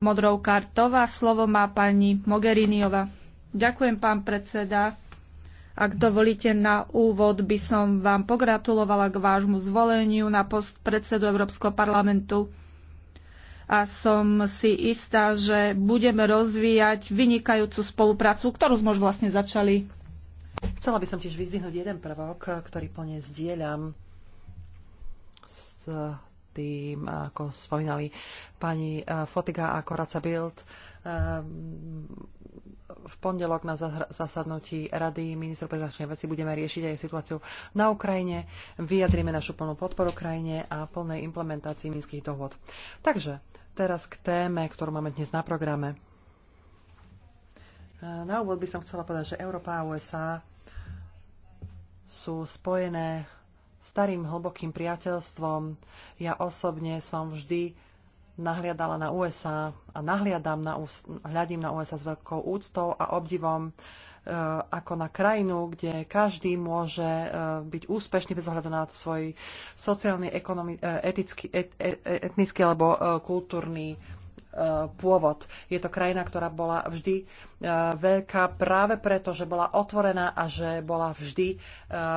modrou kartová. slovo má pani Mogheriniova. Ďakujem, pán predseda. Ak dovolíte na úvod, by som vám pogratulovala k vášmu zvoleniu na post predsedu Európskeho parlamentu a som si istá, že budeme rozvíjať vynikajúcu spoluprácu, ktorú sme už vlastne začali. Chcela by som tiež vyzvihnúť jeden prvok, ktorý plne zdieľam s tým, ako spomínali pani eh, Fotiga a Koraca Bild. Eh, v pondelok na zasadnutí Rady ministrov pre veci budeme riešiť aj situáciu na Ukrajine. Vyjadríme našu plnú podporu krajine a plnej implementácii minských dohod. Takže teraz k téme, ktorú máme dnes na programe. Eh, na úvod by som chcela povedať, že Európa a USA sú spojené starým hlbokým priateľstvom. Ja osobne som vždy nahliadala na USA a nahliadam na, hľadím na USA s veľkou úctou a obdivom e, ako na krajinu, kde každý môže e, byť úspešný bez ohľadu na svoj sociálny, ekonomi, e, etický, et, et, etnický alebo kultúrny E, pôvod. Je to krajina, ktorá bola vždy e, veľká práve preto, že bola otvorená a že bola vždy e,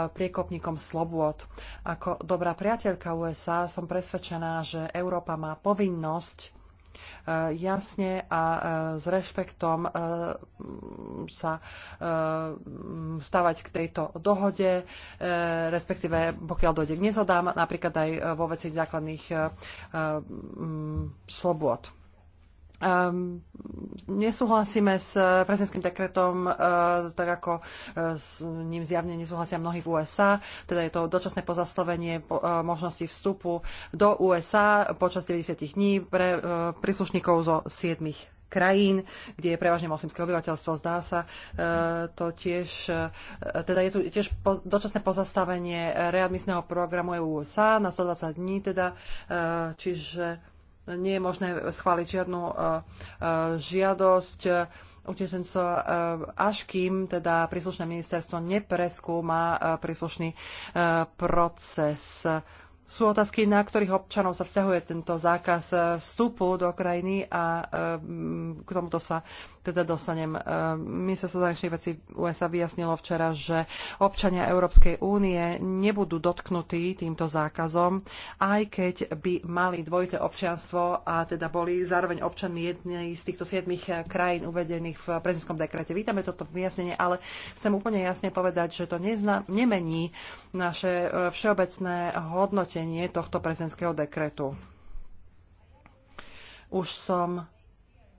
priekopníkom slobôd. Ako dobrá priateľka USA som presvedčená, že Európa má povinnosť jasne a s rešpektom sa stavať k tejto dohode, respektíve pokiaľ dojde k nezhodám, napríklad aj vo veci základných slobôd. Um, nesúhlasíme s eh, prezidentským dekretom, uh, tak ako uh, s ním zjavne nesúhlasia mnohí v USA, teda je to dočasné pozastavenie po, uh, možnosti vstupu do USA počas 90 dní pre uh, príslušníkov zo 7 krajín, kde je prevažne moslimské obyvateľstvo, zdá sa. to tiež, teda je tu tiež dočasné pozastavenie readmisného programu EU USA na 120 dní, teda, čiže nie je možné schváliť žiadnu e, e, žiadosť utečencov, e, až kým teda príslušné ministerstvo nepreskúma príslušný proces sú otázky, na ktorých občanov sa vzťahuje tento zákaz eh, vstupu do krajiny a eh, k tomuto sa teda dostanem. Eh, Ministerstvo zahraničných vecí USA vyjasnilo včera, že občania Európskej únie nebudú dotknutí týmto zákazom, aj keď by mali dvojité občianstvo a teda boli zároveň občanmi jednej z týchto siedmých krajín uvedených v prezidentskom dekrete. Vítame toto vyjasnenie, ale chcem úplne jasne povedať, že to nezna, nemení naše všeobecné hodnotenie hodnotenie tohto prezidentského dekretu. Už som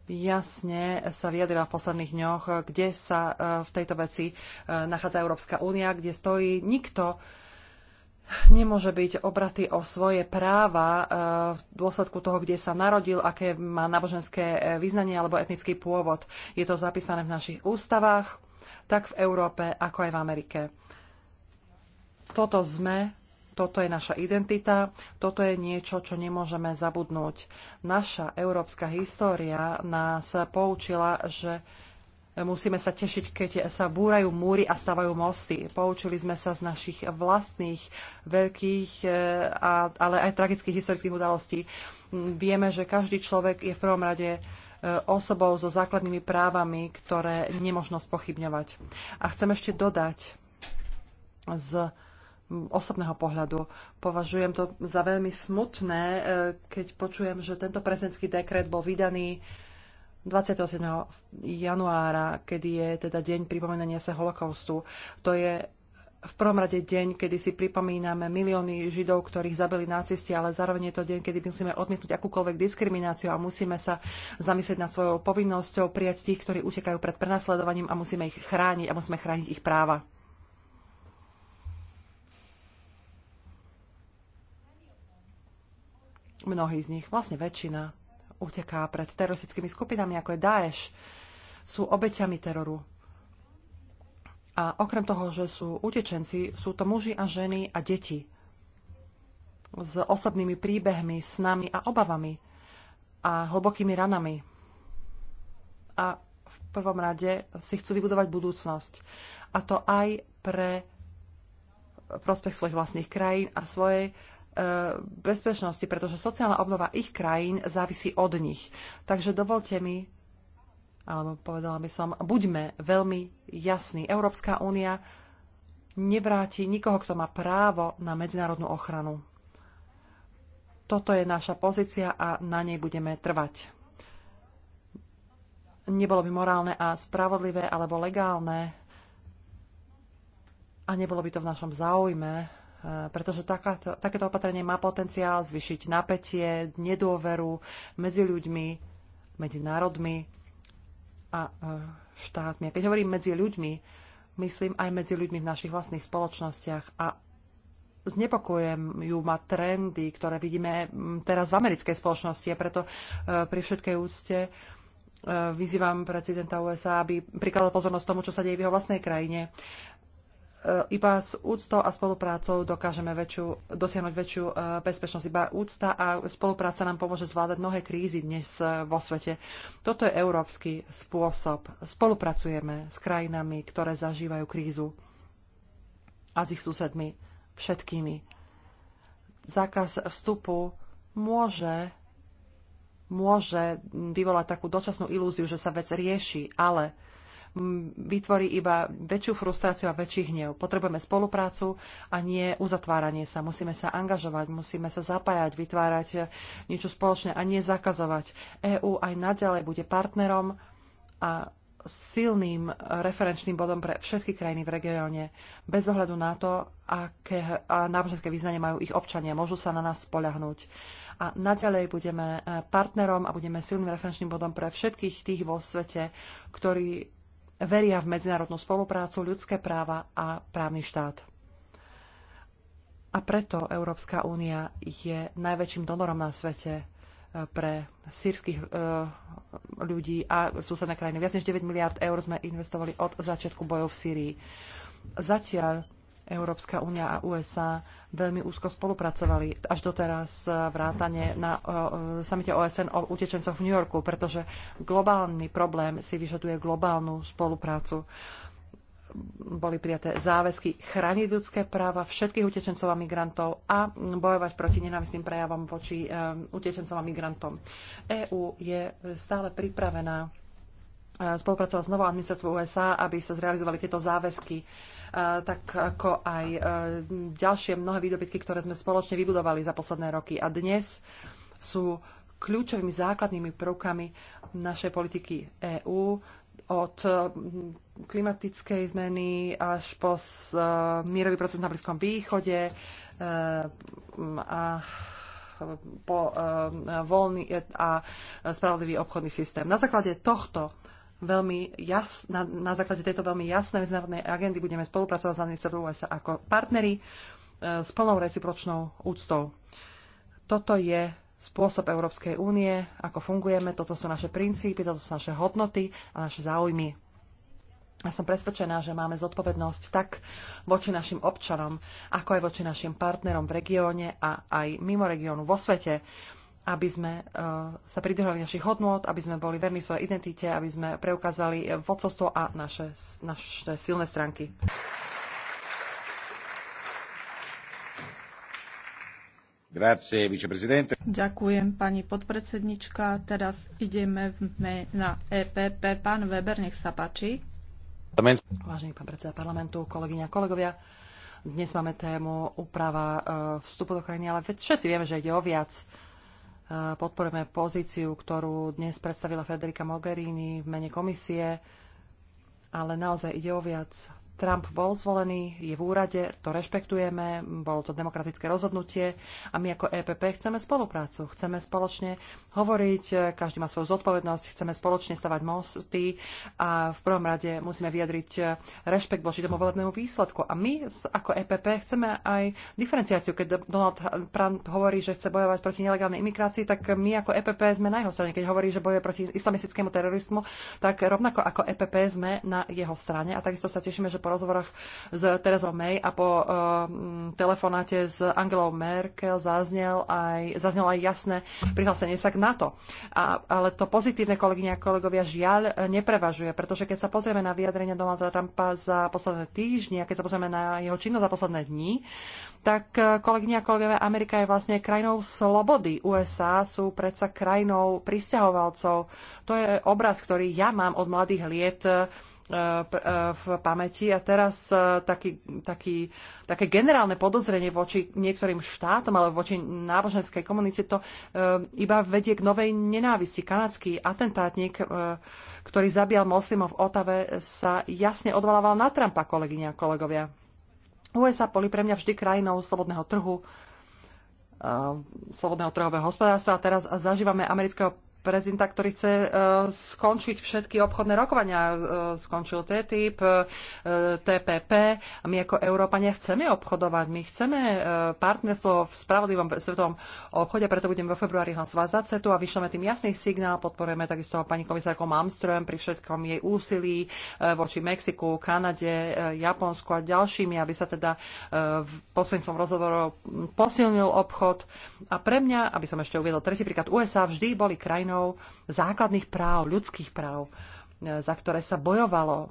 jasne sa vyjadrila v posledných dňoch, kde sa e, v tejto veci e, nachádza Európska únia, kde stojí nikto nemôže byť obratý o svoje práva e, v dôsledku toho, kde sa narodil, aké má náboženské vyznanie alebo etnický pôvod. Je to zapísané v našich ústavách, tak v Európe, ako aj v Amerike. Toto sme toto je naša identita, toto je niečo, čo nemôžeme zabudnúť. Naša európska história nás poučila, že musíme sa tešiť, keď sa búrajú múry a stavajú mosty. Poučili sme sa z našich vlastných veľkých, e, ale aj tragických historických udalostí. Vieme, že každý človek je v prvom rade e, osobou so základnými právami, ktoré nemožno spochybňovať. A chcem ešte dodať z osobného pohľadu. Považujem to za veľmi smutné, e, keď počujem, že tento prezidentský dekret bol vydaný 27. januára, kedy je teda deň pripomenania sa holokaustu. To je v prvom rade deň, kedy si pripomíname milióny Židov, ktorých zabili nacisti, ale zároveň je to deň, kedy musíme odmietnúť akúkoľvek diskrimináciu a musíme sa zamyslieť nad svojou povinnosťou prijať tých, ktorí utekajú pred prenasledovaním a musíme ich chrániť a musíme chrániť ich práva. mnohí z nich, vlastne väčšina, uteká pred teroristickými skupinami, ako je Daesh, sú obeťami teroru. A okrem toho, že sú utečenci, sú to muži a ženy a deti s osobnými príbehmi, snami a obavami a hlbokými ranami. A v prvom rade si chcú vybudovať budúcnosť. A to aj pre prospech svojich vlastných krajín a svojej E, bezpečnosti, pretože sociálna obnova ich krajín závisí od nich. Takže dovolte mi, alebo povedala by som, buďme veľmi jasní. Európska únia nevráti nikoho, kto má právo na medzinárodnú ochranu. Toto je naša pozícia a na nej budeme trvať. Nebolo by morálne a spravodlivé alebo legálne a nebolo by to v našom záujme Eh, pretože takáto, takéto opatrenie má potenciál zvyšiť napätie, nedôveru medzi ľuďmi, medzi národmi a eh, štátmi. A keď hovorím medzi ľuďmi, myslím aj medzi ľuďmi v našich vlastných spoločnostiach a znepokojujú ma trendy, ktoré vidíme mm, teraz v americkej spoločnosti a preto eh, pri všetkej úcte vyzývam prezidenta USA, aby prikladal pozornosť tomu, čo sa deje v jeho vlastnej krajine. E, iba s úctou a spoluprácou dokážeme väčšiu, dosiahnuť väčšiu e, bezpečnosť. Iba úcta a spolupráca nám pomôže zvládať mnohé krízy dnes e, vo svete. Toto je európsky spôsob. Spolupracujeme s krajinami, ktoré zažívajú krízu a s ich susedmi, všetkými. Zákaz vstupu môže môže vyvolať takú dočasnú ilúziu, že sa vec rieši, ale vytvorí iba väčšiu frustráciu a väčší hnev. Potrebujeme spoluprácu a nie uzatváranie sa. Musíme sa angažovať, musíme sa zapájať, vytvárať niečo spoločné a nie zakazovať. EÚ aj naďalej bude partnerom a silným referenčným bodom pre všetky krajiny v regióne, bez ohľadu na to, aké náboženské význanie majú ich občania. Môžu sa na nás spoľahnúť. A naďalej budeme e, partnerom a budeme silným referenčným bodom pre všetkých tých vo svete, ktorí veria v medzinárodnú spoluprácu, ľudské práva a právny štát. A preto Európska únia je najväčším donorom na svete eh, pre sírskych e, ľudí a susedné krajiny. Viac než 9 miliard eur sme investovali od začiatku bojov v Sýrii. Zatiaľ Európska únia a USA veľmi úzko spolupracovali až doteraz eh, vrátane na eh, eh, samite OSN o utečencoch v New Yorku, pretože globálny problém si vyžaduje globálnu spoluprácu. Boli prijaté záväzky chrániť ľudské práva všetkých utečencov a migrantov a bojovať proti nenávistným prejavom voči utečencom a migrantom. EÚ je stále pripravená spolupracovať s novou administratívou USA, aby sa zrealizovali tieto záväzky, tak ako aj ďalšie mnohé výdobytky, ktoré sme spoločne vybudovali za posledné roky. A dnes sú kľúčovými základnými prvkami našej politiky EÚ od klimatickej zmeny až po mierový proces na Blízkom východe a po voľný a spravodlivý obchodný systém. Na základe tohto veľmi jas, na, na základe tejto veľmi jasnej medzinárodnej agendy budeme spolupracovať s administrátorou USA ako partneri e, s plnou recipročnou úctou. Toto je spôsob Európskej únie, ako fungujeme, toto sú naše princípy, toto sú naše hodnoty a naše záujmy. Ja som presvedčená, že máme zodpovednosť tak voči našim občanom, ako aj voči našim partnerom v regióne a aj mimo regiónu vo svete aby sme e, sa pridržali našich hodnôt, aby sme boli verní svojej identite, aby sme preukázali e, vodcovstvo a naše, naše silné stránky. Grazie, Ďakujem, pani podpredsednička. Teraz ideme na EPP. Pán Weber, nech sa páči. Vážený pán predseda parlamentu, kolegyňa a kolegovia, dnes máme tému úprava e, vstupu do krajiny, ale všetci vieme, že ide o viac. Podporujeme pozíciu, ktorú dnes predstavila Federica Mogherini v mene komisie, ale naozaj ide o viac. Trump bol zvolený, je v úrade, to rešpektujeme, bolo to demokratické rozhodnutie a my ako EPP chceme spoluprácu, chceme spoločne hovoriť, každý má svoju zodpovednosť, chceme spoločne stavať mosty a v prvom rade musíme vyjadriť rešpekt voči tomu volebnému výsledku. A my ako EPP chceme aj diferenciáciu. Keď Donald Trump hovorí, že chce bojovať proti nelegálnej imigrácii, tak my ako EPP sme na jeho strane. Keď hovorí, že bojuje proti islamistickému terorizmu, tak rovnako ako EPP sme na jeho strane a takisto sa tešíme, že po rozhovoroch s Terezou May a po eh, telefonáte s Angelou Merkel zaznel aj, zaznel aj jasné prihlásenie sa k NATO. A, ale to pozitívne, kolegyne a kolegovia, žiaľ eh, neprevažuje, pretože keď sa pozrieme na vyjadrenie Donalda Trumpa za posledné týždne a keď sa pozrieme na jeho činnosť za posledné dní, tak eh, kolegyne a kolegovia, Amerika je vlastne krajinou slobody. USA sú predsa krajinou pristahovalcov. To je obraz, ktorý ja mám od mladých liet E, v pamäti. A teraz e, taký, taký, také generálne podozrenie voči niektorým štátom alebo voči náboženskej komunite to e, iba vedie k novej nenávisti. Kanadský atentátnik, ktorý zabíjal moslimov v Otave, sa jasne odvolával na Trumpa, kolegyňa a kolegovia. USA boli pre mňa vždy krajinou slobodného trhu, slobodného trhového hospodárstva a teraz zažívame amerického prezidenta, ktorý chce e, skončiť všetky obchodné rokovania. E, skončil TTIP, e, TPP. A my ako Európa nechceme obchodovať. My chceme partnerstvo v spravodlivom svetovom obchode, preto budeme vo februári hlasovať za CETU a vyšleme tým jasný signál. Podporujeme takisto pani komisárko Malmström pri všetkom jej úsilí voči Mexiku, Kanade, Japonsku a ďalšími, aby sa teda v poslednícom rozhovorov posilnil obchod. A pre mňa, aby som ešte uviedol tretí príklad, USA vždy boli krajina ochranou základných práv, ľudských práv, e, za ktoré sa bojovalo,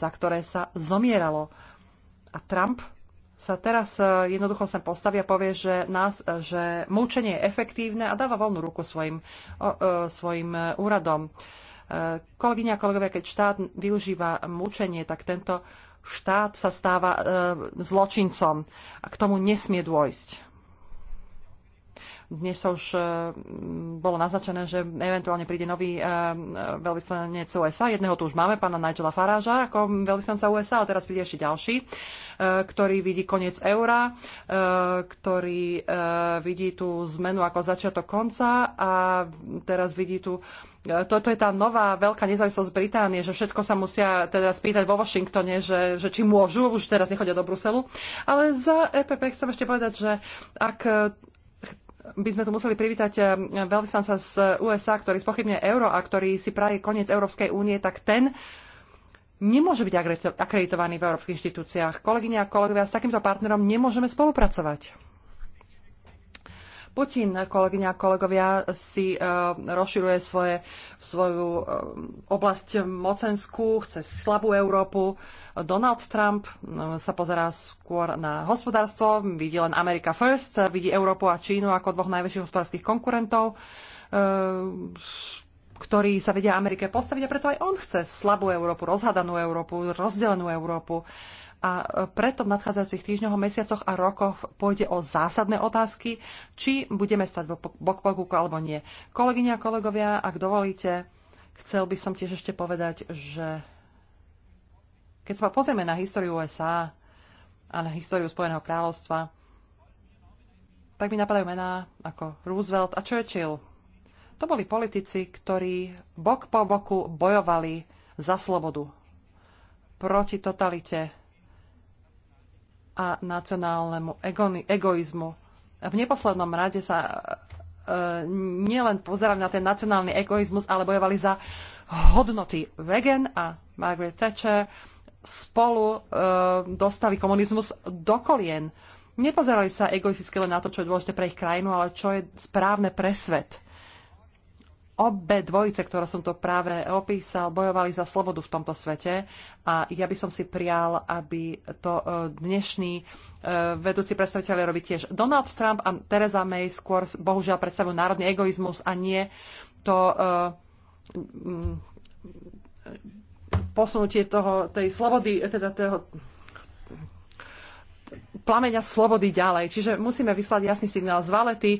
za ktoré sa zomieralo. A Trump sa teraz e, jednoducho sem postaví a povie, že, nás, e, že moučenie je efektívne a dáva voľnú ruku svojim, svojim úradom. Kolegyňa a kolegovia, keď štát využíva mučenie, tak tento štát sa stáva zločincom a k tomu nesmie dôjsť. Dnes sa už eh, bolo naznačené, že eventuálne príde nový eh, veľvyslanec USA. Jedného tu už máme, pána Nigela Faráža, ako veľvyslanca USA, a teraz príde ešte ďalší, eh, ktorý vidí koniec eura, ktorý vidí tú zmenu ako začiatok konca a teraz vidí tu toto je tá nová veľká nezávislosť Británie, že všetko sa musia teda spýtať vo Washingtone, že, že či môžu, už teraz nechodia do Bruselu. Ale za EPP chcem ešte povedať, že ak by sme tu museli privítať eh, veľvyslanca z USA, ktorý spochybňuje euro a ktorý si praje koniec Európskej únie, tak ten nemôže byť akreditovaný v európskych inštitúciách. Kolegyne a kolegovia, s takýmto partnerom nemôžeme spolupracovať. Putin, kolegyňa a kolegovia, si e, rozširuje svoje, svoju e, oblasť mocenskú, chce slabú Európu. Donald Trump e, sa pozerá skôr na hospodárstvo, vidí len America First, vidí Európu a Čínu ako dvoch najväčších hospodárskych konkurentov ktorí sa vedia Amerike postaviť a preto aj on chce slabú Európu, rozhadanú Európu, rozdelenú Európu a e, preto v nadchádzajúcich týždňoch, mesiacoch a rokoch pôjde o zásadné otázky, či budeme stať bok po boku alebo nie. Kolegyne a kolegovia, ak dovolíte, chcel by som tiež ešte povedať, že keď sa pozrieme na históriu USA a na históriu Spojeného kráľovstva, tak mi napadajú mená ako Roosevelt a Churchill. To boli politici, ktorí bok po boku bojovali za slobodu proti totalite a nacionálnemu egoizmu. V neposlednom rade sa e, nielen pozerali na ten nacionálny egoizmus, ale bojovali za hodnoty. Reagan a Margaret Thatcher spolu e, dostali komunizmus do kolien. Nepozerali sa egoisticky len na to, čo je dôležité pre ich krajinu, ale čo je správne pre svet obe dvojice, ktoré som to práve opísal, bojovali za slobodu v tomto svete a ja by som si prial, aby to e, dnešní e, vedúci predstaviteľe robí tiež. Donald Trump a Theresa May skôr bohužiaľ predstavujú národný egoizmus a nie to e, posunutie toho, tej slobody, teda toho, plameňa slobody ďalej. Čiže musíme vyslať jasný signál z Valety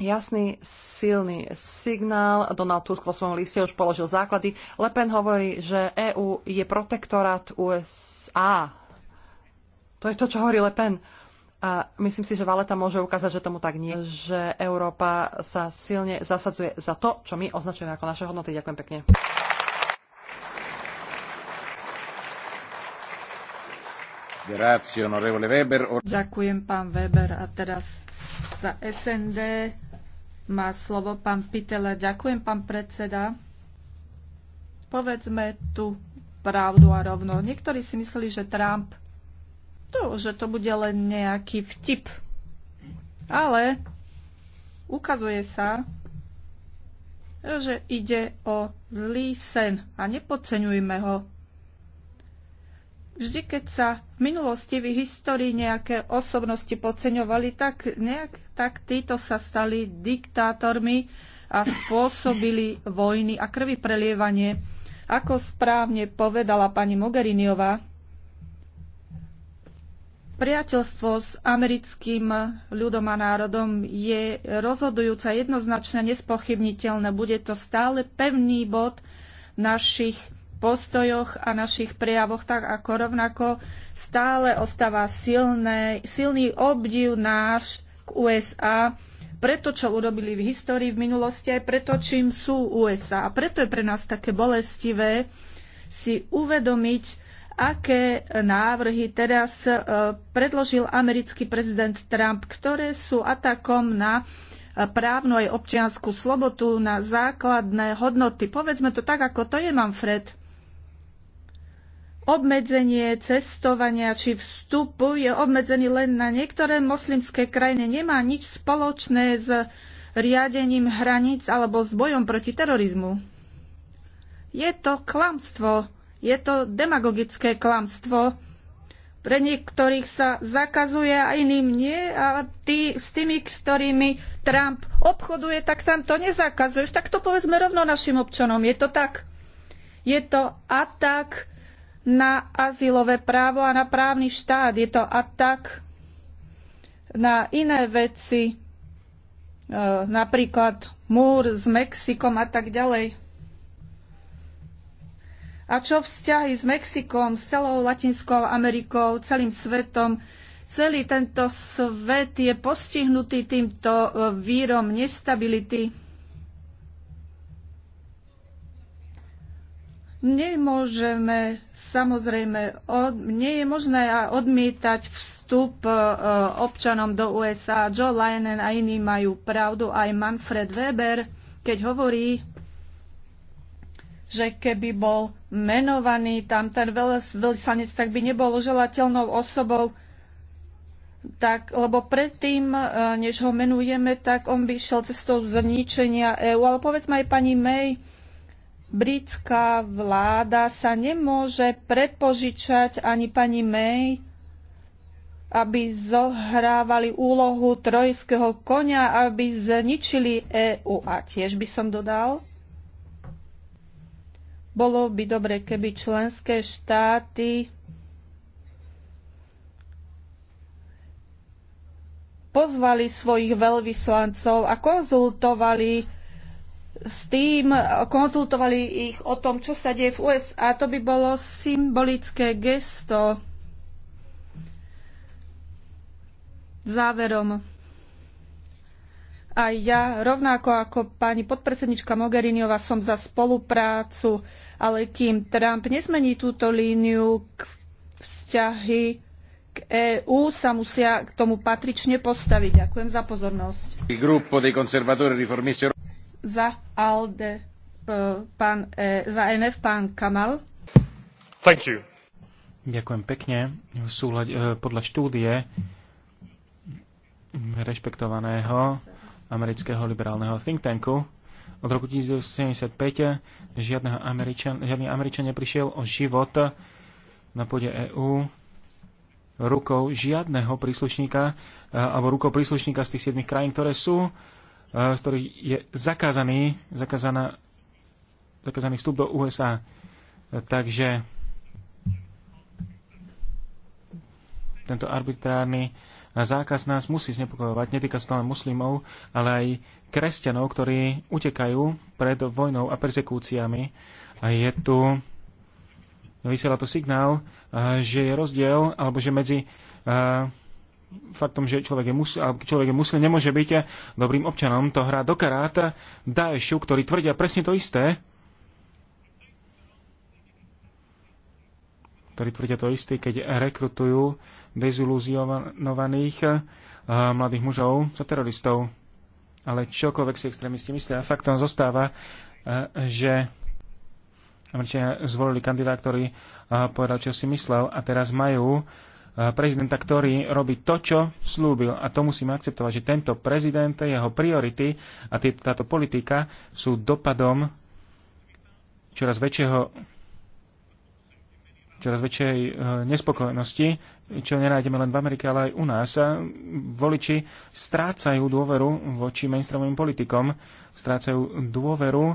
jasný, silný signál. Donald Tusk vo svojom liste už položil základy. Le Pen hovorí, že EÚ je protektorát USA. To je to, čo hovorí Le Pen. A myslím si, že Valeta môže ukázať, že tomu tak nie, že Európa sa silne zasadzuje za to, čo my označujeme ako naše hodnoty. Ďakujem pekne. Ďakujem, pán Weber. A teraz za SND má slovo pán Pitele. Ďakujem, pán predseda. Povedzme tu pravdu a rovno. Niektorí si mysleli, že Trump, to, že to bude len nejaký vtip. Ale ukazuje sa, že ide o zlý sen a nepodceňujme ho. Vždy, keď sa v minulosti v histórii nejaké osobnosti podceňovali, tak, nejak, tak títo sa stali diktátormi a spôsobili vojny a krvi prelievanie. Ako správne povedala pani Mogheriniová, priateľstvo s americkým ľudom a národom je rozhodujúca jednoznačne nespochybniteľné. Bude to stále pevný bod našich postojoch a našich prejavoch, tak ako rovnako stále ostáva silné, silný obdiv náš k USA, preto, čo urobili v histórii v minulosti, aj preto, čím sú USA. A preto je pre nás také bolestivé si uvedomiť, aké návrhy teraz e, predložil americký prezident Trump, ktoré sú atakom na e, právnu aj občianskú slobotu, na základné hodnoty. Povedzme to tak, ako to je, Manfred obmedzenie cestovania či vstupu je obmedzený len na niektoré moslimské krajiny. Nemá nič spoločné s riadením hraníc alebo s bojom proti terorizmu. Je to klamstvo, je to demagogické klamstvo. Pre niektorých sa zakazuje a iným nie. A tí, s tými, s ktorými Trump obchoduje, tak tam to nezakazuješ. Tak to povedzme rovno našim občanom. Je to tak. Je to atak na azylové právo a na právny štát. Je to atak na iné veci, e, napríklad múr s Mexikom a tak ďalej. A čo vzťahy s Mexikom, s celou Latinskou Amerikou, celým svetom? Celý tento svet je postihnutý týmto e, vírom nestability. Nemôžeme, samozrejme, od, nie je možné odmietať vstup e, občanom do USA. Joe Lennon a iní majú pravdu, aj Manfred Weber, keď hovorí, že keby bol menovaný tam ten veľsanec, tak by nebol želateľnou osobou, tak, lebo predtým, e, než ho menujeme, tak on by šiel cestou zničenia EÚ. Ale povedzme aj pani May, britská vláda sa nemôže prepožičať ani pani May, aby zohrávali úlohu trojského konia, aby zničili EU. A tiež by som dodal, bolo by dobre, keby členské štáty pozvali svojich veľvyslancov a konzultovali s tým, e, konzultovali ich o tom, čo sa deje v USA. To by bolo symbolické gesto. Záverom. A ja, rovnako ako pani podpredsednička Mogheriniova, som za spoluprácu, ale kým Trump nesmení túto líniu k vzťahy k EÚ, sa musia k tomu patrične postaviť. Ďakujem za pozornosť za ALDE pán, e, za NF pán Kamal. Thank you. Ďakujem pekne. V súľa, e, podľa štúdie rešpektovaného amerického liberálneho think tanku od roku 1975 žiadneho Američan, žiadny Američan neprišiel o život na pôde EÚ rukou žiadneho príslušníka e, alebo rukou príslušníka z tých 7 krajín, ktoré sú Eh, z ktorých je zakázaný, zakázaná, zakázaný vstup do USA. Takže tento arbitrárny zákaz nás musí znepokojovať. Netýka sa len muslimov, ale aj kresťanov, ktorí utekajú pred vojnou a persekúciami. A je tu, vysiela to signál, eh, že je rozdiel, alebo že medzi eh, faktom, že človek je, mus, človek je muslim, nemôže byť dobrým občanom. To hrá do karát Daešu, ktorí tvrdia presne to isté. ktorí tvrdia to isté, keď rekrutujú deziluzionovaných eh, mladých mužov za teroristov. Ale čokoľvek si extrémisti myslia, faktom zostáva, eh, že Američania zvolili kandidát, ktorý eh, povedal, čo si myslel a teraz majú Eh, prezidenta, ktorý robí to, čo slúbil. A to musíme akceptovať, že tento prezident, jeho priority a tieto, táto politika sú dopadom čoraz väčšieho čoraz väčšej eh, nespokojnosti, čo nenájdeme len v Amerike, ale aj u nás. Voliči strácajú dôveru voči mainstreamovým politikom, strácajú dôveru, eh,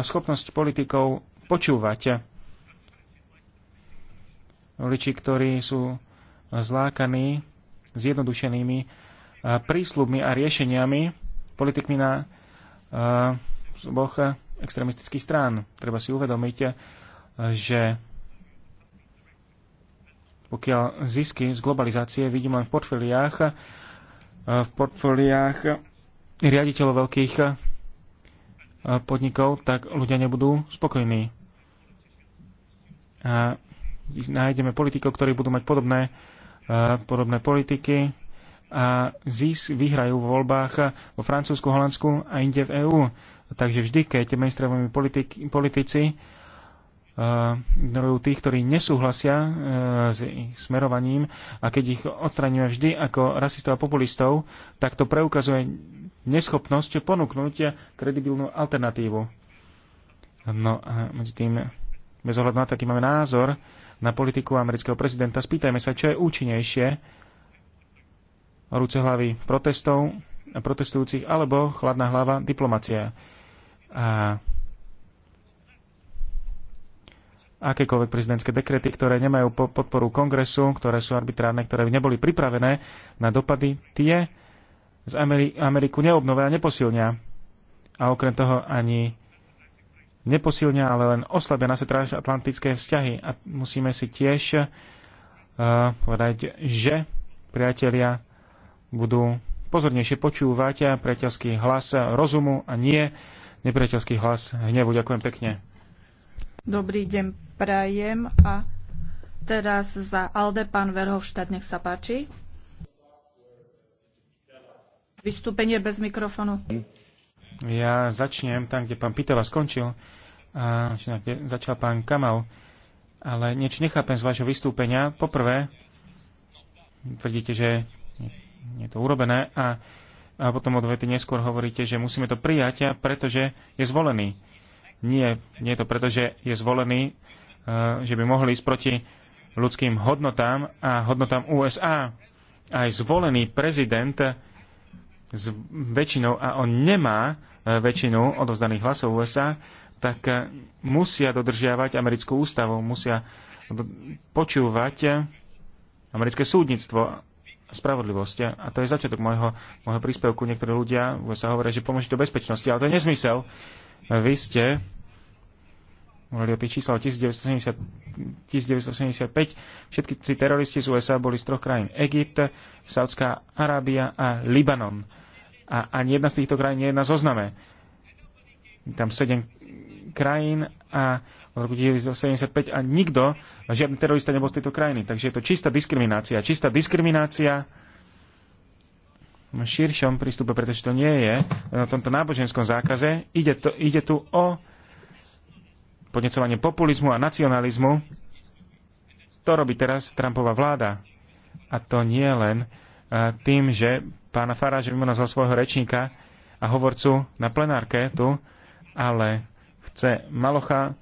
schopnosť politikov počúvať. Voliči, ktorí sú zlákaní zjednodušenými e, prísľubmi a riešeniami politikmi na e, oboch extremistických strán. Treba si uvedomiť, e, že pokiaľ zisky z globalizácie vidím len v portfóliách, v portfóliách riaditeľov veľkých podnikov, tak ľudia nebudú spokojní. A nájdeme politikov, ktorí budú mať podobné podobné politiky a ZIS vyhrajú vo voľbách vo Francúzsku, Holandsku a inde v EÚ. Takže vždy, keď mainstreamoví politici ignorujú tých, ktorí nesúhlasia e, s ich smerovaním a keď ich odstraňujú vždy ako rasistov a populistov, tak to preukazuje neschopnosť ponúknuť kredibilnú alternatívu. No a medzi tým, bez ohľadu na to, aký máme názor, na politiku amerického prezidenta. Spýtajme sa, čo je účinnejšie rúce hlavy protestov a protestujúcich alebo chladná hlava diplomacia. A akékoľvek prezidentské dekrety, ktoré nemajú podporu kongresu, ktoré sú arbitrárne, ktoré by neboli pripravené na dopady, tie z Ameri- Ameriku neobnovia a neposilnia. A okrem toho ani neposilňa, ale len oslabia naše transatlantické vzťahy. A musíme si tiež uh, povedať, že priatelia budú pozornejšie počúvať priateľský hlas rozumu a nie nepriateľský hlas hnevu. Ďakujem pekne. Dobrý deň prajem a teraz za Alde pán Verhovštát, nech sa páči. Vystúpenie bez mikrofonu. Ja začnem tam, kde pán Pitova skončil a kde začal pán Kamal. Ale niečo nechápem z vašho vystúpenia. Poprvé, tvrdíte, že je to urobené a, a potom o dvete neskôr hovoríte, že musíme to prijať, pretože je zvolený. Nie, nie je to preto, že je zvolený, že by mohli ísť proti ľudským hodnotám a hodnotám USA. Aj zvolený prezident s väčšinou a on nemá E, väčšinu odovzdaných hlasov USA, tak e, musia dodržiavať americkú ústavu, musia počúvať e, americké súdnictvo a spravodlivosť. A to je začiatok môjho, môjho príspevku. Niektorí ľudia sa hovoria, že pomôžete to bezpečnosti, ale to je nesmysel. Vy ste hovorili o tých číslach 1970, 1975. Všetky teroristi z USA boli z troch krajín. Egypt, Saudská Arábia a Libanon a ani jedna z týchto krajín nie je na zozname. Tam sedem krajín a od roku 1975 a nikto, žiadny terorista nebol z tejto krajiny. Takže je to čistá diskriminácia. Čistá diskriminácia v širšom prístupe, pretože to nie je na tomto náboženskom zákaze. Ide, to, ide tu o podnecovanie populizmu a nacionalizmu. To robí teraz Trumpová vláda. A to nie len tým, že pána Faráže vymenil za svojho rečníka a hovorcu na plenárke tu, ale chce Malocha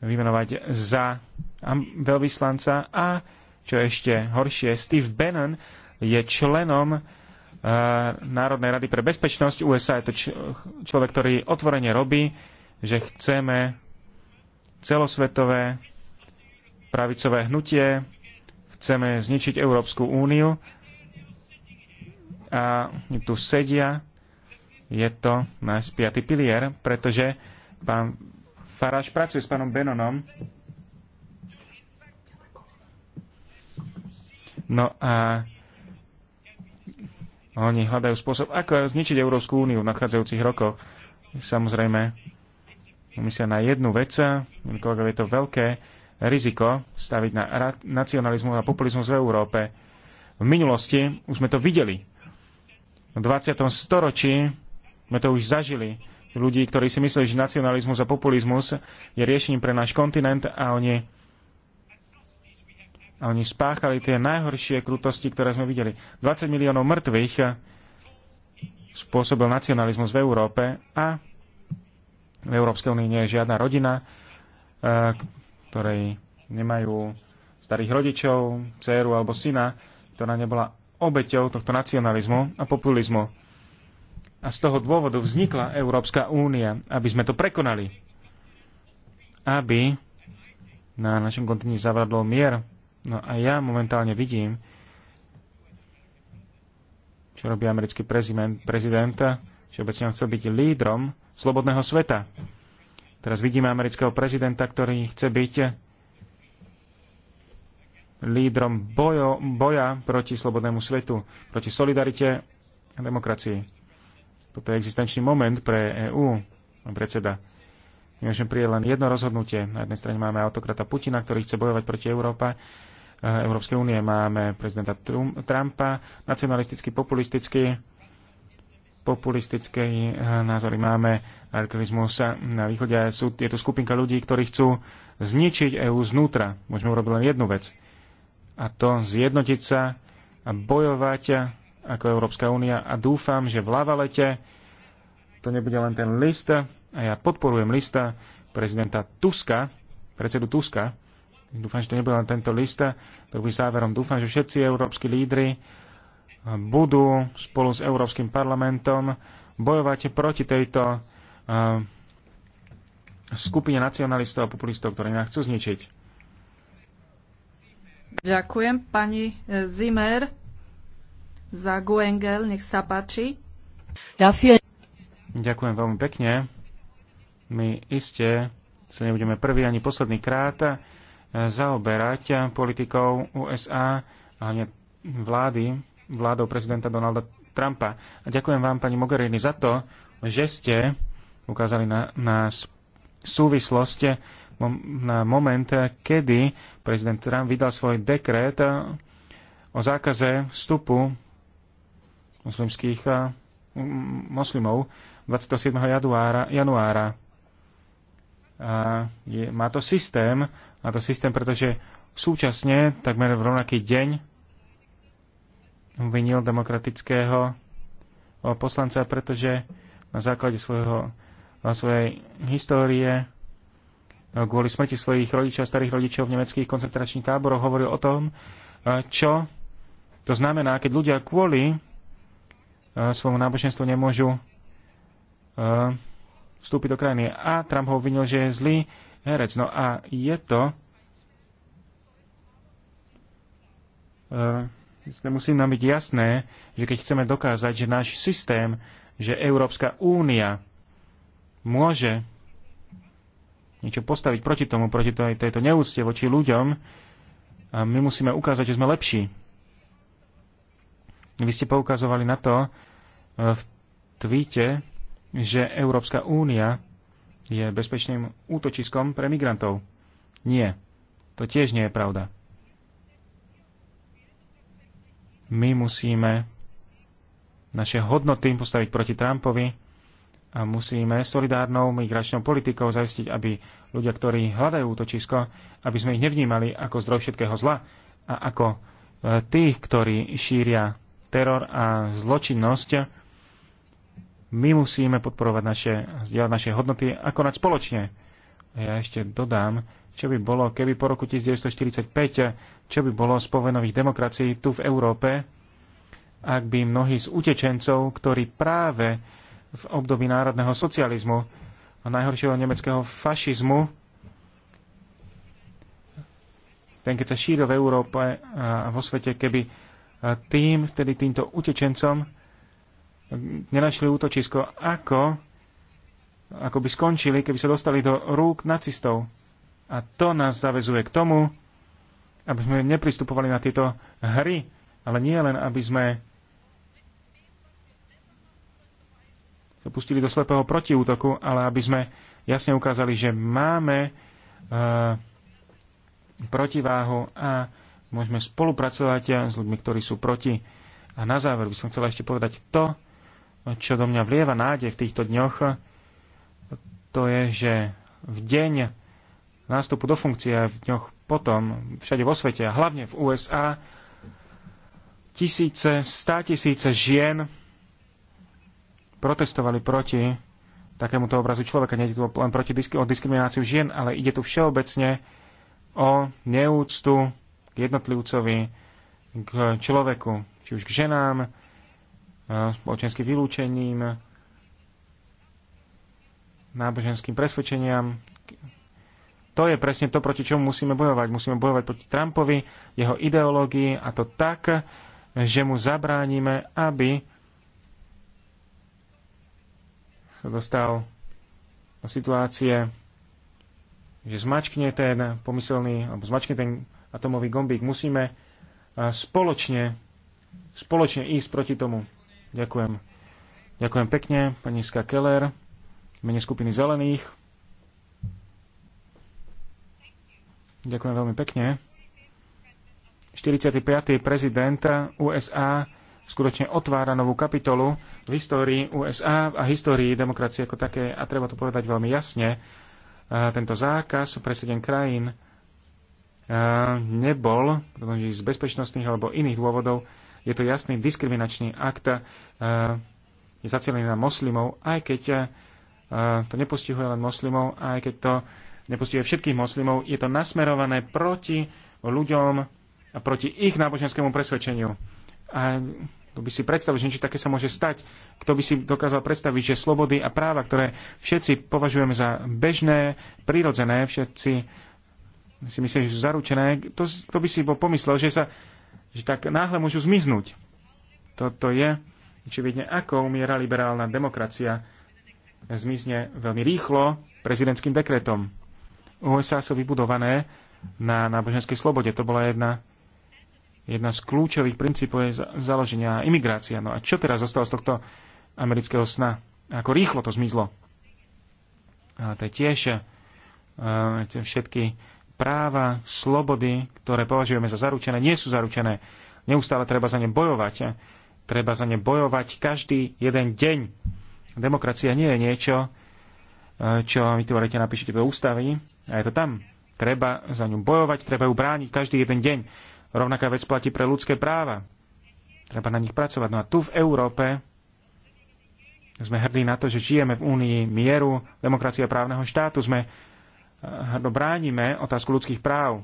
vymenovať za veľvyslanca a čo ešte horšie, Steve Bannon je členom e, Národnej rady pre bezpečnosť USA. Je to človek, ktorý otvorene robí, že chceme celosvetové pravicové hnutie, chceme zničiť Európsku úniu a tu sedia. Je to náš piatý pilier, pretože pán Faráš pracuje s pánom Benonom. No a oni hľadajú spôsob, ako zničiť Európsku úniu v nadchádzajúcich rokoch. Samozrejme, myslia na jednu vec, kolegov je to veľké riziko staviť na nacionalizmus a populizmus v Európe. V minulosti už sme to videli v 20. storočí sme to už zažili. Ľudí, ktorí si mysleli, že nacionalizmus a populizmus je riešením pre náš kontinent a oni, a oni spáchali tie najhoršie krutosti, ktoré sme videli. 20 miliónov mŕtvych spôsobil nacionalizmus v Európe a v Európskej únii nie je žiadna rodina, e, ktorej nemajú starých rodičov, dceru alebo syna, ktorá nebola obeťou tohto nacionalizmu a populizmu. A z toho dôvodu vznikla Európska únia, aby sme to prekonali. Aby na našom kontinente zavradlo mier. No a ja momentálne vidím, čo robí americký prezident, prezident obecne chce byť lídrom slobodného sveta. Teraz vidíme amerického prezidenta, ktorý chce byť lídrom bojo, boja proti slobodnému svetu, proti solidarite a demokracii. Toto je existenčný moment pre EÚ, predseda. Nemôžem prieť len jedno rozhodnutie. Na jednej strane máme autokrata Putina, ktorý chce bojovať proti Európe, eh, Európskej únie. Máme prezidenta Trumpa, nacionalisticky, populisticky, populistické eh, názory máme, radikalizmus na východe. Sú, je tu skupinka ľudí, ktorí chcú zničiť EÚ znútra. Môžeme urobiť len jednu vec a to zjednotiť sa a bojovať ako Európska únia a dúfam, že v Lavalete to nebude len ten list a ja podporujem lista prezidenta Tuska, predsedu Tuska. Dúfam, že to nebude len tento list, tak by záverom dúfam, že všetci európsky lídry budú spolu s Európskym parlamentom bojovať proti tejto uh, skupine nacionalistov a populistov, ktorí nás chcú zničiť. Ďakujem pani e, Zimmer za Guengel, nech sa páči. Ďakujem veľmi pekne. My iste sa nebudeme prvý ani posledný krát e, zaoberať politikou USA a hlavne vlády, vládou prezidenta Donalda Trumpa. A ďakujem vám, pani Mogherini, za to, že ste ukázali na, na súvislosti na moment, kedy prezident Trump vydal svoj dekret eh, o zákaze vstupu moslimských eh, moslimov 27. januára. januára. A je, má to systém, má to systém, pretože súčasne, takmer v rovnaký deň, vinil demokratického eh, poslanca, pretože na základe svojho, svojej histórie kvôli smrti svojich rodičov, starých rodičov v nemeckých koncentračných táboroch hovoril o tom, e, čo to znamená, keď ľudia kvôli e, svojmu náboženstvu nemôžu e, vstúpiť do krajiny. A Trump ho obvinil, že je zlý herec. No a je to... Musí nám byť jasné, že keď chceme dokázať, že náš systém, že Európska únia môže niečo postaviť proti tomu, proti tej, tejto neúcte voči ľuďom. A my musíme ukázať, že sme lepší. Vy ste poukazovali na to e, v tweete, že Európska únia je bezpečným útočiskom pre migrantov. Nie, to tiež nie je pravda. My musíme naše hodnoty postaviť proti Trumpovi, a musíme solidárnou migračnou politikou zaistiť, aby ľudia, ktorí hľadajú útočisko, aby sme ich nevnímali ako zdroj všetkého zla a ako e, tých, ktorí šíria teror a zločinnosť. My musíme podporovať naše, zdieľať naše hodnoty a konať spoločne. Ja ešte dodám, čo by bolo, keby po roku 1945, čo by bolo z povenových demokracií tu v Európe, ak by mnohí z utečencov, ktorí práve v období národného socializmu a najhoršieho nemeckého fašizmu. Ten, keď sa šíril v Európe a vo svete, keby e, tým, vtedy týmto utečencom e, nenašli útočisko, ako, ako by skončili, keby sa dostali do rúk nacistov. A to nás zavezuje k tomu, aby sme nepristupovali na tieto hry, ale nie len, aby sme To pustili do slepého protiútoku, ale aby sme jasne ukázali, že máme e, protiváhu a môžeme spolupracovať s ľuďmi, ktorí sú proti. A na záver by som chcela ešte povedať to, čo do mňa vlieva nádej v týchto dňoch, to je, že v deň nástupu do funkcie a v dňoch potom, všade vo svete a hlavne v USA, tisíce, stá tisíce žien protestovali proti takémuto obrazu človeka. Nie je tu len proti disk- o diskrimináciu žien, ale ide tu všeobecne o neúctu k jednotlivcovi, k človeku, či už k ženám, e, spoločenským vylúčením, náboženským presvedčeniam. To je presne to, proti čomu musíme bojovať. Musíme bojovať proti Trumpovi, jeho ideológii a to tak, že mu zabránime, aby sa dostal do situácie, že zmačkne ten pomyselný, alebo zmačkne ten atomový gombík. Musíme spoločne, spoločne ísť proti tomu. Ďakujem. Ďakujem pekne, pani Ska Keller, mene skupiny Zelených. Ďakujem veľmi pekne. 45. prezident USA skutočne otvára novú kapitolu v histórii USA a histórii demokracie ako také. A treba to povedať veľmi jasne. Tento zákaz pre 7 krajín nebol, pretože z bezpečnostných alebo iných dôvodov je to jasný diskriminačný akt, je zacielený na moslimov, aj keď to nepostihuje len moslimov, aj keď to nepostihuje všetkých moslimov, je to nasmerované proti ľuďom a proti ich náboženskému presvedčeniu. A kto by si predstavil, že niečo také sa môže stať? Kto by si dokázal predstaviť, že slobody a práva, ktoré všetci považujeme za bežné, prirodzené, všetci si myslíš, že sú zaručené, to, to by si bol pomyslel, že sa že tak náhle môžu zmiznúť. Toto je očividne, ako umiera liberálna demokracia. Zmizne veľmi rýchlo prezidentským dekretom. USA sú vybudované na náboženskej slobode. To bola jedna Jedna z kľúčových princípov je založenia imigrácia. No a čo teraz zostalo z tohto amerického sna? Ako rýchlo to zmizlo. A to je tiež e, všetky práva, slobody, ktoré považujeme za zaručené, nie sú zaručené. Neustále treba za ne bojovať. Treba za ne bojovať každý jeden deň. Demokracia nie je niečo, e, čo vytvoríte, napíšete do ústavy a je to tam. Treba za ňu bojovať, treba ju brániť každý jeden deň Rovnaká vec platí pre ľudské práva. Treba na nich pracovať. No a tu v Európe sme hrdí na to, že žijeme v Únii mieru, demokracie a právneho štátu. Sme eh, hrdo bránime otázku ľudských práv.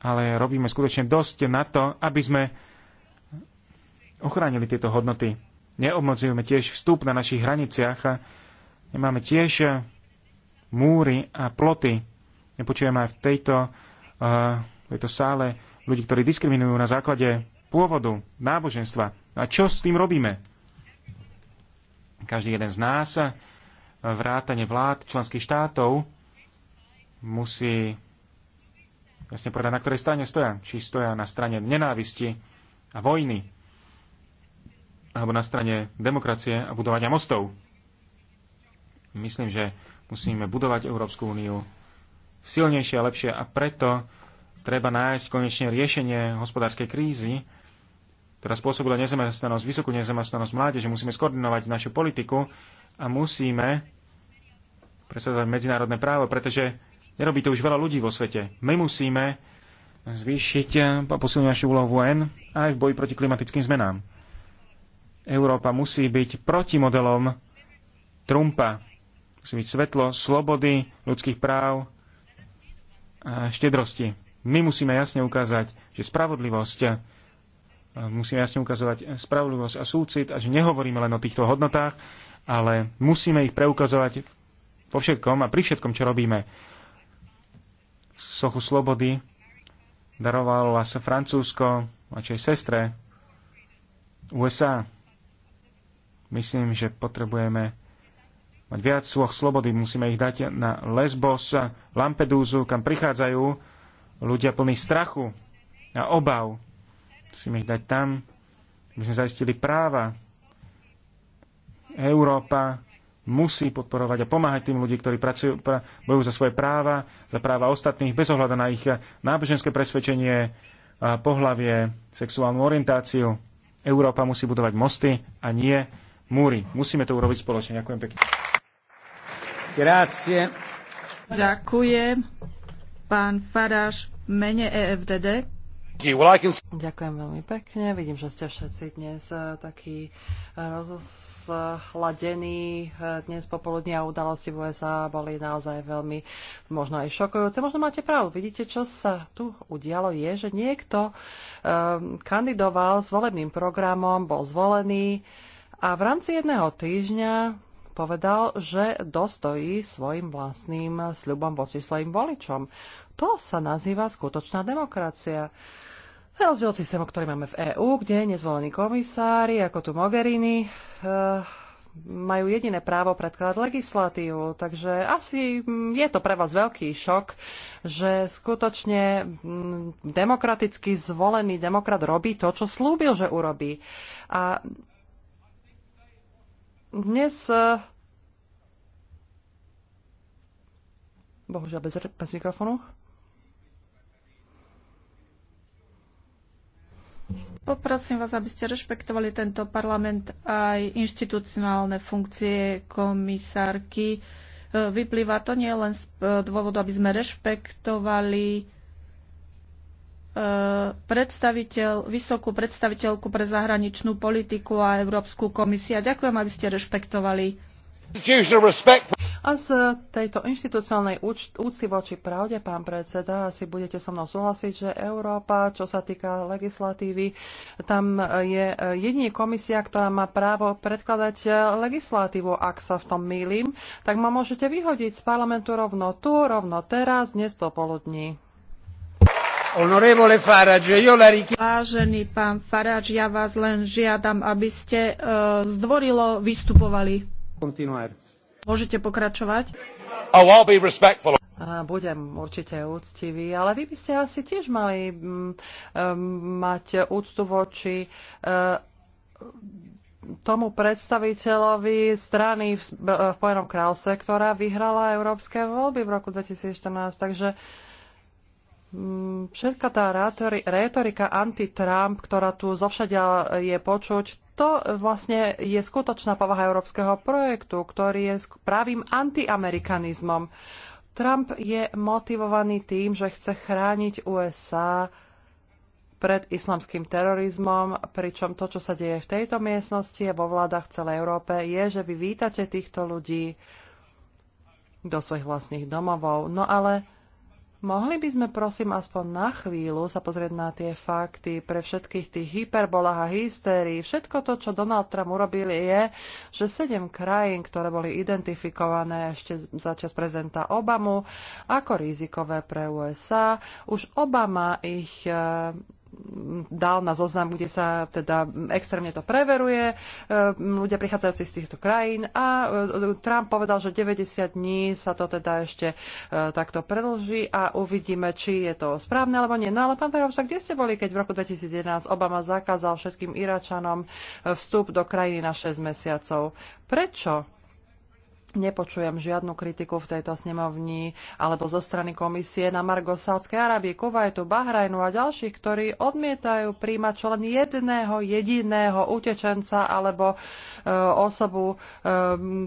Ale robíme skutočne dosť na to, aby sme ochránili tieto hodnoty. Neobmodzujeme tiež vstup na našich hraniciach a nemáme tiež múry a ploty. Nepočujeme aj v tejto, uh, tejto sále ľudí, ktorí diskriminujú na základe pôvodu, náboženstva. A čo s tým robíme? Každý jeden z nás, eh, vrátane vlád členských štátov, musí jasne povedať, na ktorej strane stoja. Či stoja na strane nenávisti a vojny, alebo na strane demokracie a budovania mostov. Myslím, že musíme budovať Európsku úniu silnejšie a lepšie a preto Treba nájsť konečne riešenie hospodárskej krízy, ktorá spôsobila nezamestnanosť, vysokú nezamestnanosť mládeže. Musíme skoordinovať našu politiku a musíme presadzovať medzinárodné právo, pretože nerobí to už veľa ľudí vo svete. My musíme zvýšiť a posilniť našu úlohu UN aj v boji proti klimatickým zmenám. Európa musí byť protimodelom Trumpa. Musí byť svetlo slobody, ľudských práv a štedrosti. My musíme jasne ukázať, že spravodlivosť musíme jasne ukazovať spravodlivosť a súcit a že nehovoríme len o týchto hodnotách, ale musíme ich preukazovať vo všetkom a pri všetkom, čo robíme. Sochu slobody darovala sa Francúzsko, čej sestre, USA. Myslím, že potrebujeme mať viac sloh slobody. Musíme ich dať na Lesbos, Lampedúzu, kam prichádzajú ľudia plní strachu a obav. Musíme ich dať tam, aby sme zaistili práva. Európa musí podporovať a pomáhať tým ľudí, ktorí pracujú, pra, bojujú za svoje práva, za práva ostatných, bez ohľadu na ich náboženské presvedčenie, a pohlavie, sexuálnu orientáciu. Európa musí budovať mosty a nie múry. Musíme to urobiť spoločne. Ďakujem pekne. Grazie. Ďakujem. Pán Faráš mene EFDD. Ďakujem veľmi pekne. Vidím, že ste všetci dnes eh, takí eh, rozhladení. Eh, dnes popoludnia udalosti v USA boli naozaj veľmi možno aj šokujúce. Možno máte pravdu. Vidíte, čo sa tu udialo je, že niekto um, kandidoval s volebným programom, bol zvolený a v rámci jedného týždňa povedal, že dostojí svojim vlastným sľubom voči svojim voličom. To sa nazýva skutočná demokracia. Na rozdiel od systému, ktorý máme v EÚ, kde nezvolení komisári, ako tu Mogherini, e, majú jediné právo predkladať legislatívu. Takže asi mm, je to pre vás veľký šok, že skutočne mm, demokraticky zvolený demokrat robí to, čo slúbil, že urobí. A dnes eh, bohužiaľ bez, bez mikrofónu. Poprosím vás, aby ste rešpektovali tento parlament aj inštitucionálne funkcie komisárky. E, vyplýva to nie len z e, dôvodu, aby sme rešpektovali e, predstaviteľ, vysokú predstaviteľku pre zahraničnú politiku a Európsku komisiu. Ďakujem, aby ste rešpektovali a z tejto inštitúciálnej úcty voči pravde, pán predseda, asi budete so mnou súhlasiť, že Európa, čo sa týka legislatívy, tam je jediná komisia, ktorá má právo predkladať legislatívu. Ak sa v tom mýlim, tak ma môžete vyhodiť z parlamentu rovno tu, rovno teraz, dnes popoludní. Vážený pán Farage, ja vás len žiadam, aby ste eh, zdvorilo vystupovali. Môžete pokračovať? Oh, I'll be respectful. budem určite úctivý, ale vy by ste asi tiež mali mm, mať úctu voči eh, tomu predstaviteľovi strany v, eh, v kráľse, ktorá vyhrala európske voľby v roku 2014. Takže um, všetka tá retorika anti-Trump, ktorá tu zovšadia je počuť, to vlastne je skutočná povaha európskeho projektu, ktorý je pravým antiamerikanizmom. Trump je motivovaný tým, že chce chrániť USA pred islamským terorizmom, pričom to, čo sa deje v tejto miestnosti a vo vládach celej Európe, je, že vy vítate týchto ľudí do svojich vlastných domovov. No ale Mohli by sme prosím aspoň na chvíľu sa pozrieť na tie fakty pre všetkých tých hyperbolách a hystérií. Všetko to, čo Donald Trump urobil, je, že sedem krajín, ktoré boli identifikované ešte za čas prezidenta Obamu ako rizikové pre USA, už Obama ich eh, dal na zoznam, kde sa teda extrémne to preveruje, e, ľudia prichádzajúci z týchto krajín a e, Trump povedal, že 90 dní sa to teda ešte e, takto predlží a uvidíme, či je to správne alebo nie. No ale pán však kde ste boli, keď v roku 2011 Obama zakázal všetkým Iračanom vstup do krajiny na 6 mesiacov? Prečo? Nepočujem žiadnu kritiku v tejto snemovni alebo zo strany komisie na Margo Sádskej Arábie, Kuwaitu, Bahrajnu a ďalších, ktorí odmietajú príjmať čo len jedného jediného utečenca alebo e, osobu, e,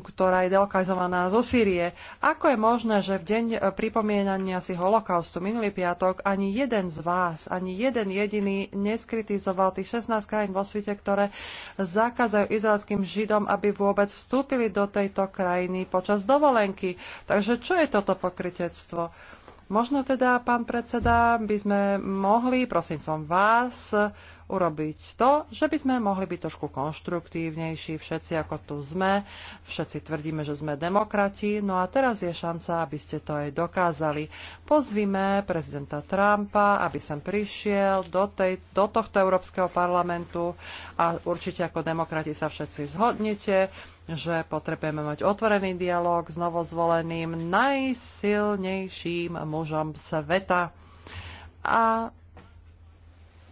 ktorá je delokalizovaná zo Sýrie. Ako je možné, že v deň pripomienania si holokaustu minulý piatok ani jeden z vás, ani jeden jediný neskritizoval tých 16 krajín vo svete, ktoré zakázajú izraelským židom, aby vôbec vstúpili do tejto krajiny rodiny počas dovolenky. Takže čo je toto pokritectvo? Možno teda, pán predseda, by sme mohli, prosím som vás, urobiť to, že by sme mohli byť trošku konštruktívnejší, všetci ako tu sme, všetci tvrdíme, že sme demokrati, no a teraz je šanca, aby ste to aj dokázali. Pozvime prezidenta Trumpa, aby sem prišiel do, tej, do tohto Európskeho parlamentu a určite ako demokrati sa všetci zhodnete že potrebujeme mať otvorený dialog s novozvoleným najsilnejším mužom sveta. A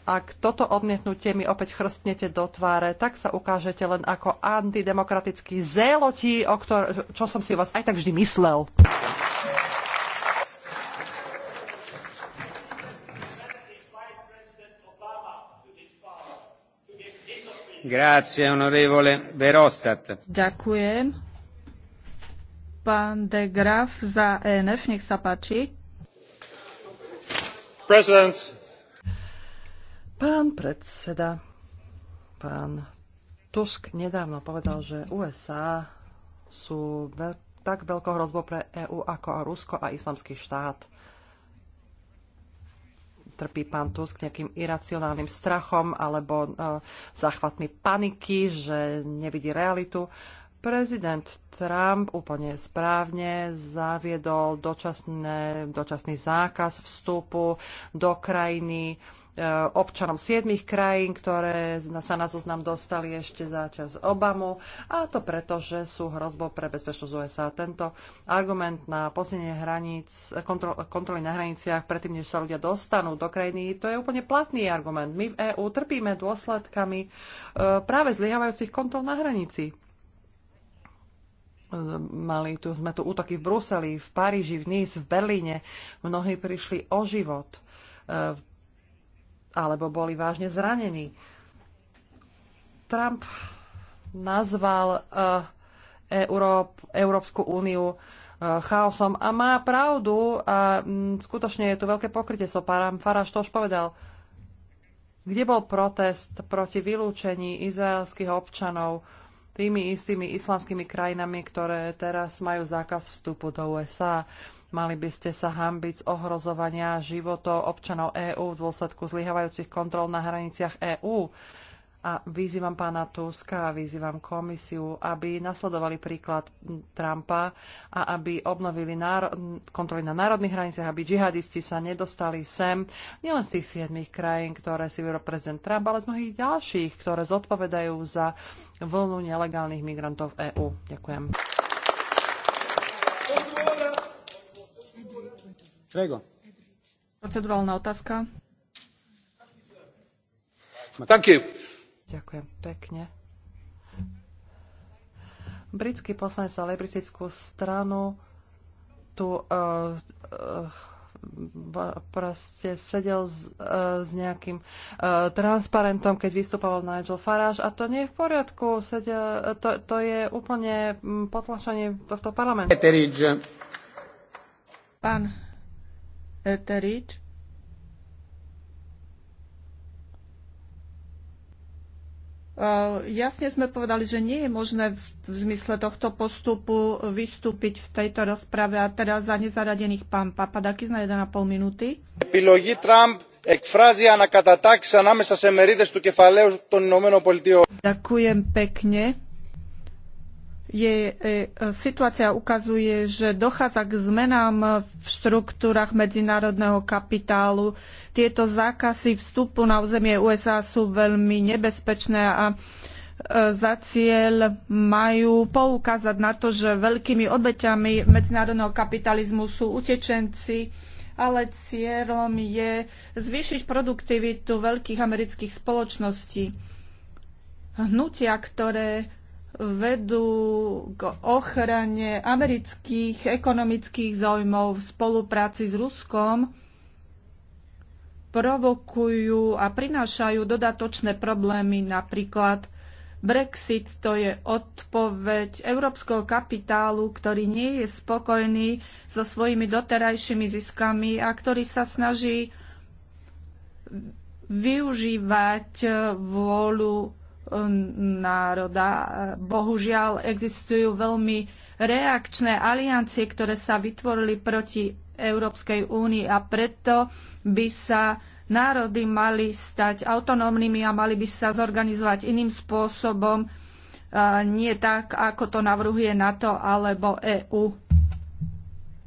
ak toto odmietnutie mi opäť chrstnete do tváre, tak sa ukážete len ako antidemokratický zéloti, o ktor- čo som si o vás aj tak vždy myslel. Ďakujem. Pán de Graf za ENF, nech sa páči. President. Pán predseda, pán Tusk nedávno povedal, že USA sú tak veľkou hrozbou pre EÚ ako Rusko a Islamský štát trpí pán Tusk nejakým iracionálnym strachom alebo e, zachvatmi paniky, že nevidí realitu. Prezident Trump úplne správne zaviedol dočasné, dočasný zákaz vstupu do krajiny Eh, občanom siedmých krajín, ktoré sa na zoznam dostali ešte za čas Obamu a to preto, že sú hrozbou pre bezpečnosť USA. Tento argument na posilnenie hraníc, kontro, kontroly na hraniciach predtým, než sa ľudia dostanú do krajiny, to je úplne platný argument. My v EÚ trpíme dôsledkami eh, práve zlyhávajúcich kontrol na hranici. Mali tu, sme tu útoky v Bruseli, v Paríži, v Nice, v Berlíne. Mnohí prišli o život. Eh, alebo boli vážne zranení. Trump nazval uh, Európsku úniu uh, chaosom a má pravdu a um, skutočne je tu veľké pokrytie. So parám. Faraš to už povedal. Kde bol protest proti vylúčení izraelských občanov tými istými islamskými krajinami, ktoré teraz majú zákaz vstupu do USA? Mali by ste sa hambiť z ohrozovania životov občanov EÚ v dôsledku zlyhavajúcich kontrol na hraniciach EÚ. A vyzývam pána Tuska a vyzývam komisiu, aby nasledovali príklad Trumpa a aby obnovili kontroly na národných hraniciach, aby džihadisti sa nedostali sem, nielen z tých siedmých krajín, ktoré si vyrobil prezident Trump, ale z mnohých ďalších, ktoré zodpovedajú za vlnu nelegálnych migrantov EÚ. Ďakujem. Prego. Procedurálna otázka. Thank you. Ďakujem pekne. Britský poslanec za lebristickú stranu tu uh, uh, proste sedel s, uh, s nejakým uh, transparentom, keď vystupoval Nigel Farage a to nie je v poriadku. Sedel, to, to je úplne mm, potlačenie tohto parlamentu. Pán Eterič. E, jasne sme povedali, že nie je možné v zmysle tohto postupu vystúpiť v tejto rozprave a teraz za nezaradených pán Papadakis na 1,5 minúty. Επιλογή Τραμπ εκφράζει ανακατατάξει ανάμεσα σε μερίδες του κεφαλαίου των Ηνωμένων Πολιτειών. Ďakujem pekne je, e, situácia ukazuje, že dochádza k zmenám v štruktúrach medzinárodného kapitálu. Tieto zákazy vstupu na územie USA sú veľmi nebezpečné a e, za cieľ majú poukázať na to, že veľkými obeťami medzinárodného kapitalizmu sú utečenci, ale cieľom je zvýšiť produktivitu veľkých amerických spoločností. Hnutia, ktoré vedú k ochrane amerických ekonomických zaujmov v spolupráci s Ruskom, provokujú a prinášajú dodatočné problémy, napríklad Brexit to je odpoveď európskeho kapitálu, ktorý nie je spokojný so svojimi doterajšími ziskami a ktorý sa snaží využívať vôľu národa. Bohužiaľ existujú veľmi reakčné aliancie, ktoré sa vytvorili proti Európskej únii a preto by sa národy mali stať autonómnymi a mali by sa zorganizovať iným spôsobom, nie tak, ako to navrhuje NATO alebo EÚ.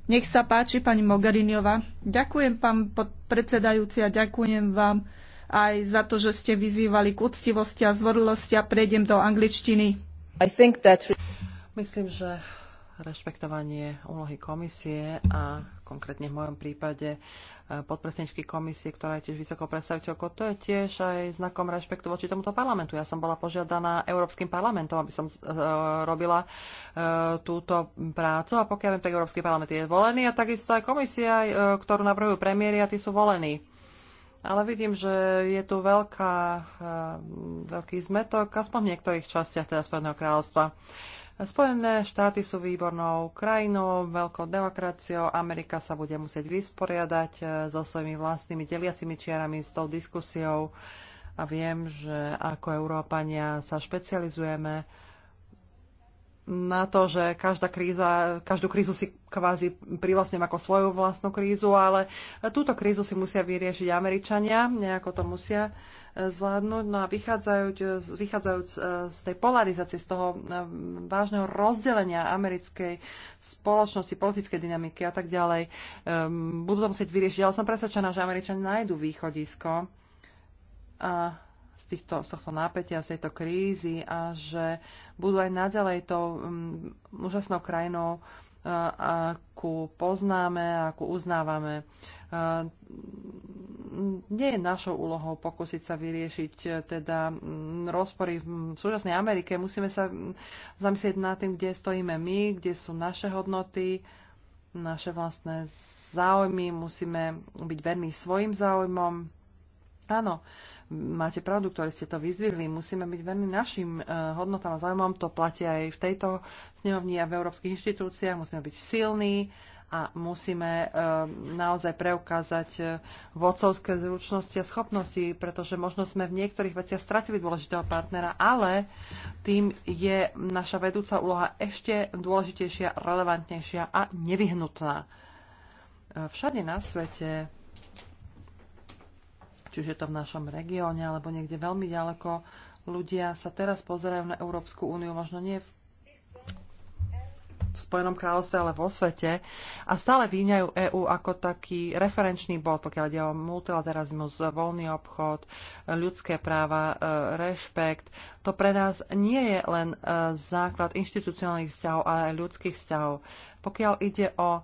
Nech sa páči, pani Mogheriniova. Ďakujem, pán predsedajúci, a ďakujem vám aj za to, že ste vyzývali k úctivosti a zvorilosti a prejdem do angličtiny. I think that... Myslím, že rešpektovanie úlohy komisie a konkrétne v mojom prípade eh, podpredsedničky komisie, ktorá je tiež vysokou predstaviteľkou, to je tiež aj znakom rešpektu voči tomuto parlamentu. Ja som bola požiadaná Európskym parlamentom, aby som eh, robila eh, túto prácu a pokiaľ viem, tak Európsky parlament je volený a takisto aj komisia, ktorú navrhujú premiéry a tí sú volení. Ale vidím, že je tu veľká, ehm, veľký zmetok, aspoň v niektorých častiach teda Spojeného kráľovstva. Spojené štáty sú výbornou krajinou, veľkou demokraciou. Amerika sa bude musieť vysporiadať eh, so svojimi vlastnými deliacimi čiarami, s tou diskusiou. A viem, že ako Európania sa špecializujeme na to, že každá kríza, každú krízu si kvázi privlastňujem ako svoju vlastnú krízu, ale túto krízu si musia vyriešiť Američania, nejako to musia e, zvládnuť. No a vychádzajúc, vychádzajúc e, z tej polarizácie, z toho e, vážneho rozdelenia americkej spoločnosti, politickej dynamiky a tak ďalej, budú to musieť vyriešiť. Ale som presvedčená, že Američania nájdu východisko. A z, týchto, z tohto nápetia, z tejto krízy a že budú aj naďalej tou um, úžasnou krajinou, uh, akú poznáme, akú uznávame. Uh, nie je našou úlohou pokúsiť sa vyriešiť e, teda mm, rozpory mm, v súčasnej Amerike. Musíme sa zamyslieť nad tým, kde stojíme my, kde sú naše hodnoty, naše vlastné záujmy. Musíme byť verní svojim záujmom. Áno, uh, máte pravdu, ktorí ste to vyzvihli. Musíme byť verní našim eh, hodnotám a záujmom. To platí aj v tejto snemovni a v európskych inštitúciách. Musíme byť silní a musíme eh, naozaj preukázať eh, vodcovské zručnosti a schopnosti, pretože možno sme v niektorých veciach stratili dôležitého partnera, ale tým je naša vedúca úloha ešte dôležitejšia, relevantnejšia a nevyhnutná. Všade na svete či už je to v našom regióne alebo niekde veľmi ďaleko, ľudia sa teraz pozerajú na Európsku úniu, možno nie v v Spojenom kráľovstve, ale vo svete a stále výňajú EÚ ako taký referenčný bod, pokiaľ ide o multilateralizmus, voľný obchod, ľudské práva, e, rešpekt. To pre nás nie je len e, základ inštitucionálnych vzťahov, ale aj ľudských vzťahov. Pokiaľ ide o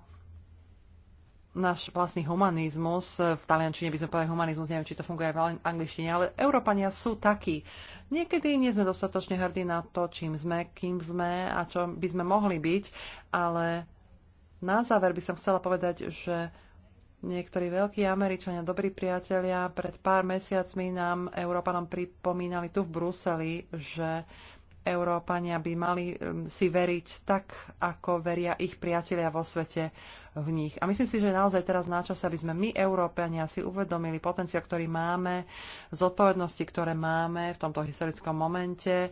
náš vlastný humanizmus, v taliančine by sme povedali humanizmus, neviem, či to funguje aj v angličtine, ale Európania sú takí. Niekedy nie sme dostatočne hrdí na to, čím sme, kým sme a čo by sme mohli byť, ale na záver by som chcela povedať, že niektorí veľkí Američania, dobrí priatelia, pred pár mesiacmi nám Európanom pripomínali tu v Bruseli, že Európania by mali si veriť tak, ako veria ich priatelia vo svete v nich. A myslím si, že naozaj teraz na čas, aby sme my, Európania, si uvedomili potenciál, ktorý máme, zodpovednosti, ktoré máme v tomto historickom momente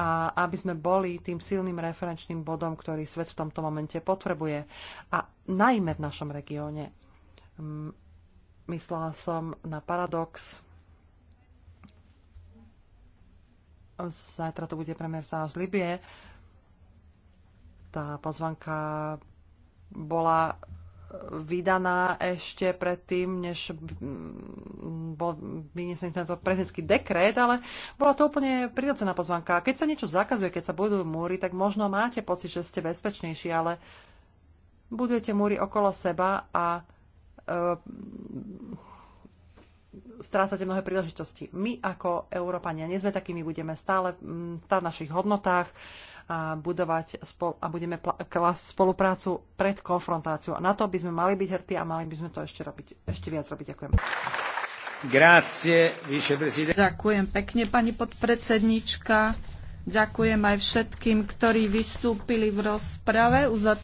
a aby sme boli tým silným referenčným bodom, ktorý svet v tomto momente potrebuje. A najmä v našom regióne. Myslela som na paradox Zajtra to bude premiér sa z Libie. Tá pozvanka bola vydaná ešte predtým, než bol vynesený tento prezidentský dekret, ale bola to úplne prirodzená pozvanka. Keď sa niečo zakazuje, keď sa budú múry, tak možno máte pocit, že ste bezpečnejší, ale budujete múry okolo seba a e, strácate mnohé príležitosti. My ako Európania nie sme takými, budeme stále mm, v našich hodnotách a budovať spol- a budeme klasť spoluprácu pred konfrontáciou. A na to by sme mali byť hrdí a mali by sme to ešte robiť, ešte viac robiť. Ďakujem. Grazie, Ďakujem pekne, pani podpredsednička. Ďakujem aj všetkým, ktorí vystúpili v rozprave.